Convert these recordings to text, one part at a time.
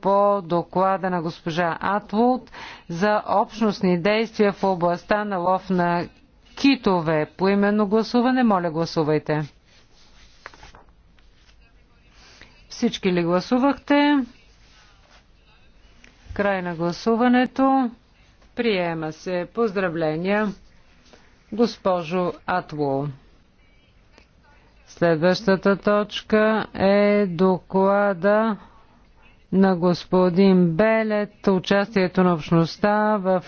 по доклада на госпожа Атвуд за общностни действия в областта на лов на китове. По именно гласуване, моля гласувайте. Всички ли гласувахте? Край на гласуването. Приема се. Поздравления, госпожо Атвул. Следващата точка е доклада на господин Белет участието на общността в,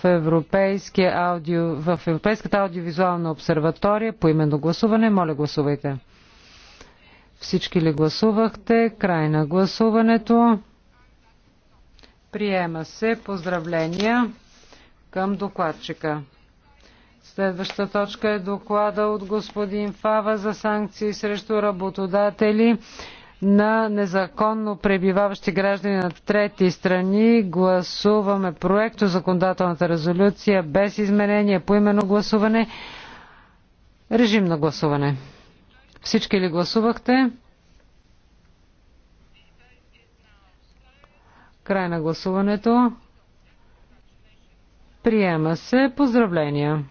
аудио, в Европейската аудиовизуална обсерватория по именно гласуване. Моля, гласувайте. Всички ли гласувахте? Край на гласуването. Приема се. Поздравления към докладчика. Следваща точка е доклада от господин Фава за санкции срещу работодатели на незаконно пребиваващи граждани на трети страни. Гласуваме проекто законодателната резолюция без изменение по именно гласуване. Режим на гласуване. Всички ли гласувахте? Край на гласуването. Приема се. Поздравления!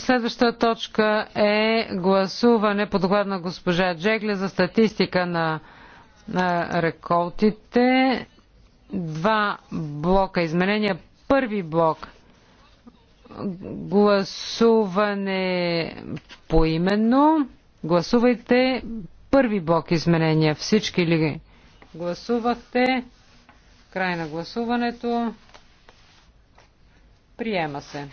Следващата точка е гласуване по доклад на госпожа Джегле за статистика на, на реколтите. Два блока изменения. Първи блок гласуване поименно. Гласувайте първи блок изменения. Всички ли гласувахте? Край на гласуването. Приема се.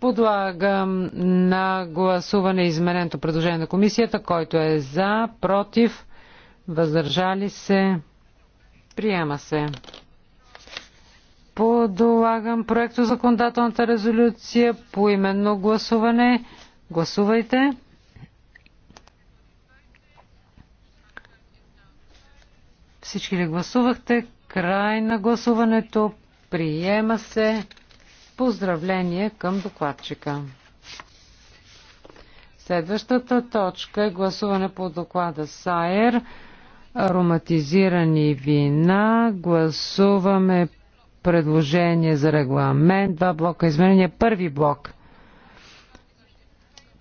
Подлагам на гласуване измененото предложение на комисията, който е за, против, въздържали се, приема се. Подлагам проекто законодателната резолюция по именно гласуване. Гласувайте. Всички ли гласувахте? Край на гласуването. Приема се. Поздравление към докладчика. Следващата точка е гласуване по доклада Сайер. Ароматизирани вина. Гласуваме предложение за регламент. Два блока изменения. Първи блок.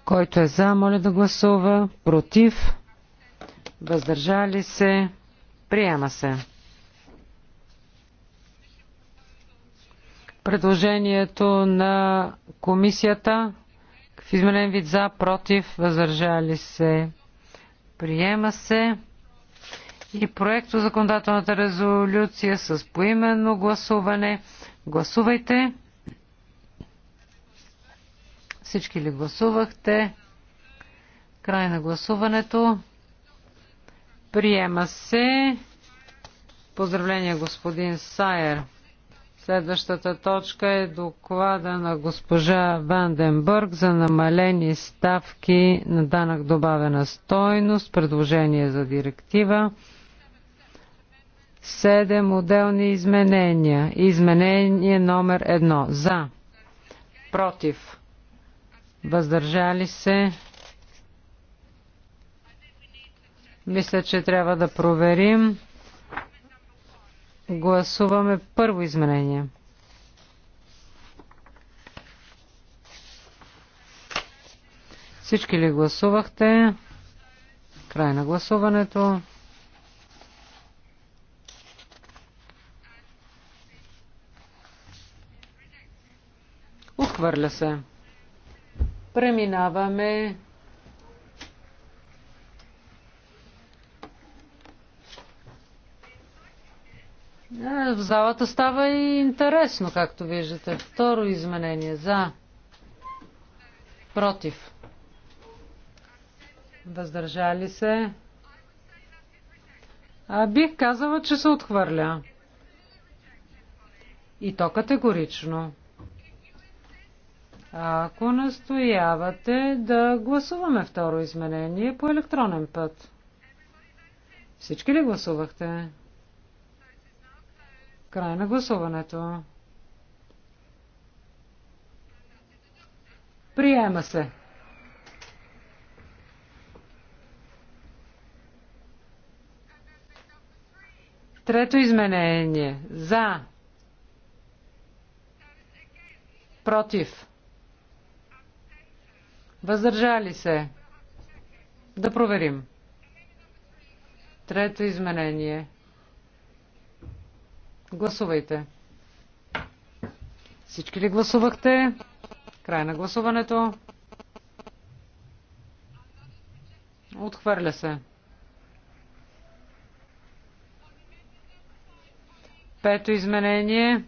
Който е за, моля да гласува. Против. Въздържали се. Приема се. Предложението на комисията в изменен вид за, против, възражали се. Приема се и проекто законодателната резолюция с поименно гласуване. Гласувайте. Всички ли гласувахте? Край на гласуването. Приема се. Поздравление господин Сайер. Следващата точка е доклада на госпожа Ванденбърг за намалени ставки на данък добавена стойност, предложение за директива. Седем отделни изменения. Изменение номер едно. За. Против. Въздържали се. Мисля, че трябва да проверим. Гласуваме първо изменение. Всички ли гласувахте? Край на гласуването. Отхвърля се. Преминаваме в залата става и интересно, както виждате. Второ изменение. За. Против. Въздържали се. А бих казала, че се отхвърля. И то категорично. Ако настоявате да гласуваме второ изменение по електронен път. Всички ли гласувахте? Край на гласуването. Приема се. Трето изменение. За. Против. Въздържали се. Да проверим. Трето изменение. Гласувайте. Всички ли гласувахте? Край на гласуването. Отхвърля се. Пето изменение.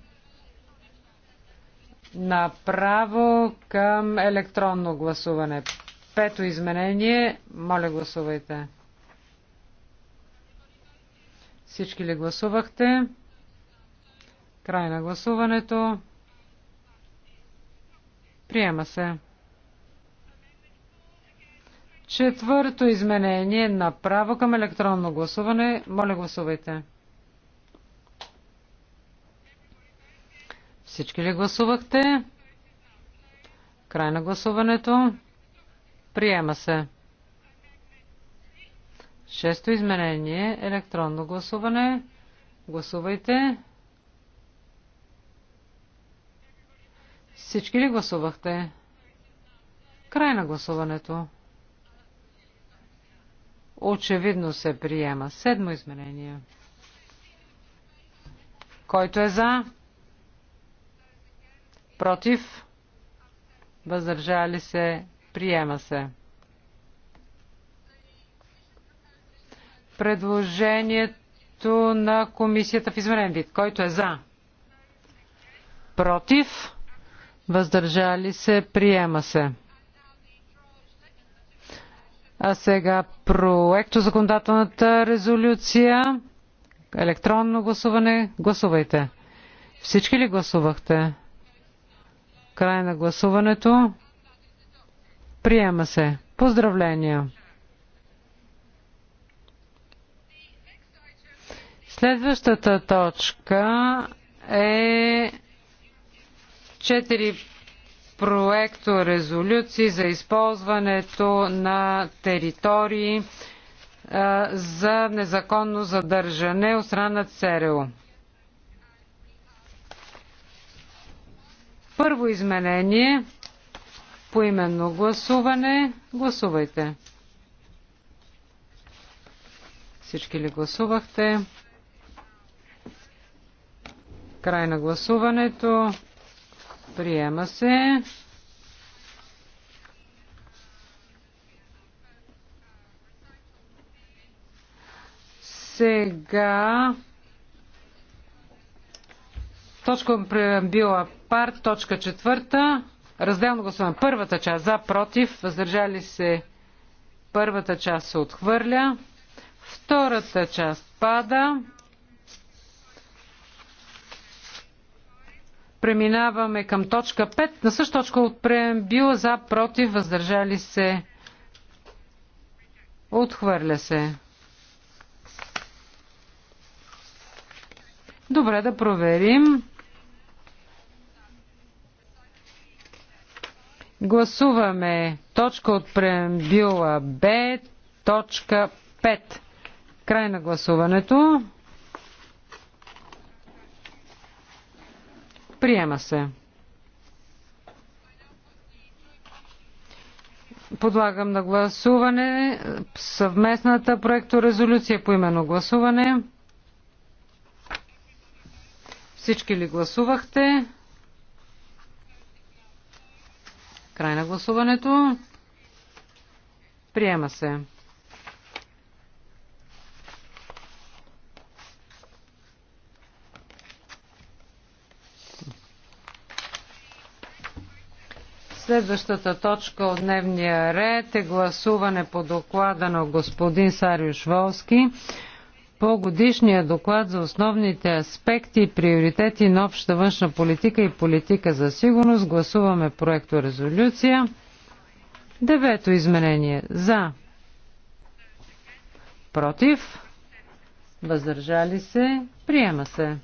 Направо към електронно гласуване. Пето изменение. Моля гласувайте. Всички ли гласувахте? Край на гласуването. Приема се. Четвърто изменение направо към електронно гласуване. Моля гласувайте. Всички ли гласувахте? Край на гласуването. Приема се. Шесто изменение. Електронно гласуване. Гласувайте. Всички ли гласувахте? Край на гласуването. Очевидно се приема. Седмо изменение. Който е за? Против? Въздържали се? Приема се. Предложението на комисията в измерен вид. Който е за? Против? въздържали се, приема се. А сега проекто законодателната резолюция. Електронно гласуване. Гласувайте. Всички ли гласувахте? Край на гласуването. Приема се. Поздравления! Следващата точка е четири проекто резолюции за използването на територии за незаконно задържане от страна на ЦРУ. Първо изменение по именно гласуване. Гласувайте. Всички ли гласувахте? Край на гласуването. Приема се. Сега точка била пар, точка четвърта. Разделно гласуване. Първата част за, против, въздържали се. Първата част се отхвърля. Втората част пада. Преминаваме към точка 5. На същата точка от преамбила за, против, въздържали се. Отхвърля се. Добре, да проверим. Гласуваме точка от преамбюла Б, точка 5. Край на гласуването. Приема се. Подлагам на гласуване съвместната проекторезолюция по именно гласуване. Всички ли гласувахте? Край на гласуването. Приема се. Следващата точка от дневния ред е гласуване по доклада на господин Сариуш Волски по годишния доклад за основните аспекти и приоритети на обща външна политика и политика за сигурност. Гласуваме проекто резолюция. Девето изменение. За. Против. Въздържали се. Приема се.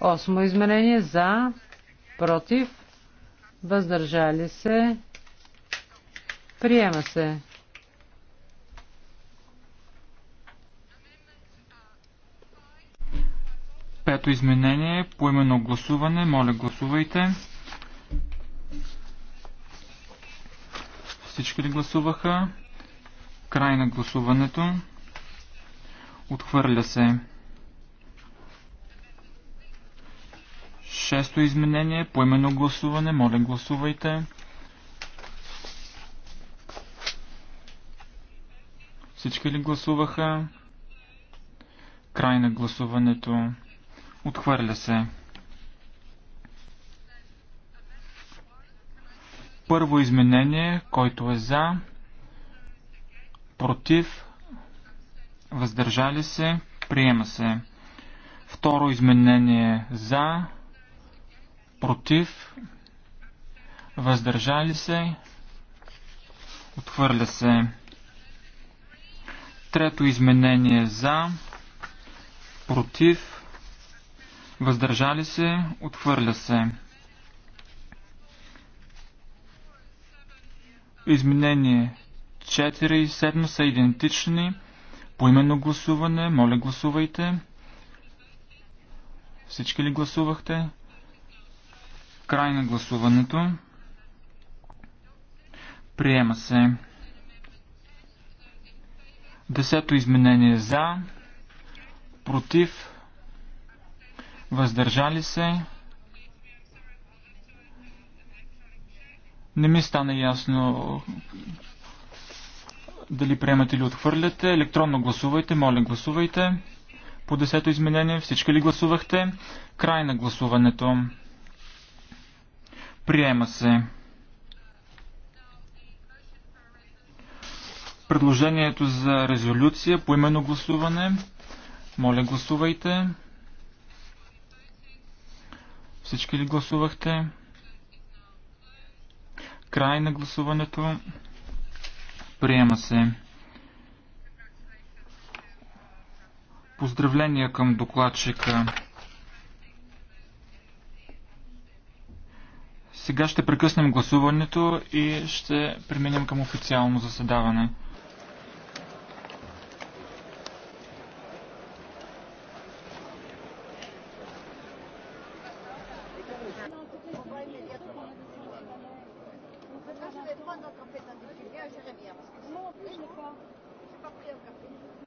Осмо изменение. За. Против въздържали се, приема се. Пето изменение, поименно гласуване, моля гласувайте. Всички ли гласуваха? Край на гласуването. Отхвърля се. Шесто изменение, поименно гласуване, моля гласувайте. Всички ли гласуваха? Край на гласуването. Отхвърля се. Първо изменение, който е за, против, въздържали се, приема се. Второ изменение за, против, въздържали се, отхвърля се. Трето изменение за, против, въздържали се, отхвърля се. Изменение 4 и 7 са идентични. Поименно гласуване, моля гласувайте. Всички ли гласувахте? Край на гласуването. Приема се. Десето изменение за, против, въздържали се. Не ми стана ясно дали приемате или отхвърляте. Електронно гласувайте, моля гласувайте. По десето изменение всички ли гласувахте? Край на гласуването. Приема се. Предложението за резолюция по именно гласуване. Моля, гласувайте. Всички ли гласувахте? Край на гласуването. Приема се. Поздравления към докладчика. Сега ще прекъснем гласуването и ще преминем към официално заседаване.